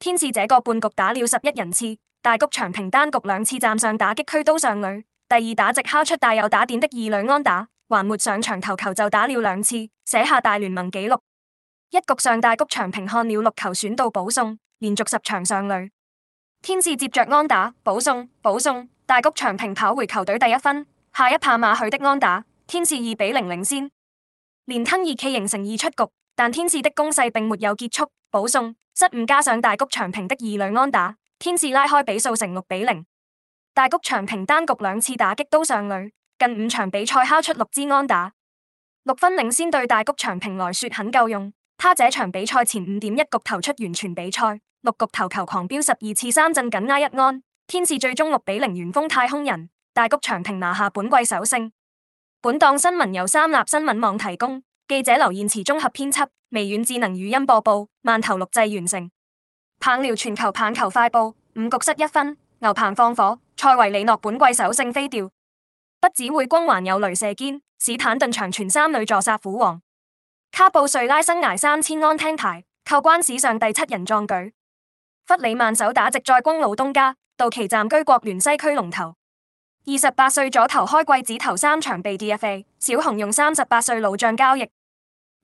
天使這個半局打了十一人次，大谷翔平單局兩次站上打擊區都上壘，第二打席敲出帶有打點的二壘安打，還沒上場投球就打了兩次，寫下大聯盟紀錄。一局上大谷翔平看了六球選到保送，連續十場上壘。天使接着安打保送保送，大谷翔平跑回球隊第一分，下一棒馬許的安打，天使二比零領先，連吞二 K 形成二出局，但天使的攻勢並沒有結束，保送。失誤加上大谷翔平的二壘安打，天使拉開比數成六比零。大谷翔平單局兩次打擊都上壘，近五場比賽敲出六支安打，六分領先對大谷翔平來說很夠用。他這場比賽前五點一局投出完全比賽，六局投球狂飆十二次三振，僅挨一安，天使最終六比零完封太空人，大谷翔平拿下本季首勝。本檔新聞由三立新聞網提供。記者劉燕慈綜合編輯，微軟智能語音播報，慢頭錄製完成。棒球全球棒球快報：五局失一分，牛棚放火；塞維里諾本季首勝飛掉，不只會光還有鐳射肩。史坦頓長傳三壘助殺虎王。卡布瑞拉生涯三千安聽牌，扣關史上第七人壯舉。弗里曼首打直在光老東家，到期暫居國聯西區龍頭。二十八歲左投開季只投三場被 DFA，小紅用三十八歲老將交易。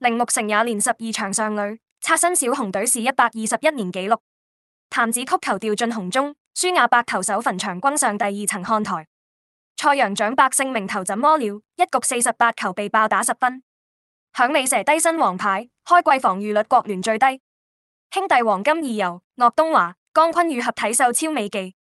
鈴木誠也連十二場上壘，刷新小熊隊隊史一百二十一年紀錄。譚子曲球掉進紅中，舒雅白球手墳場，轟上第二層看台。賽揚獎百勝名投怎麼了？一局四十八球被爆打十分，響尾蛇低身王牌，開季防禦率國聯最低。兄弟黃金二游，岳東華、江坤宇合體秀超美技。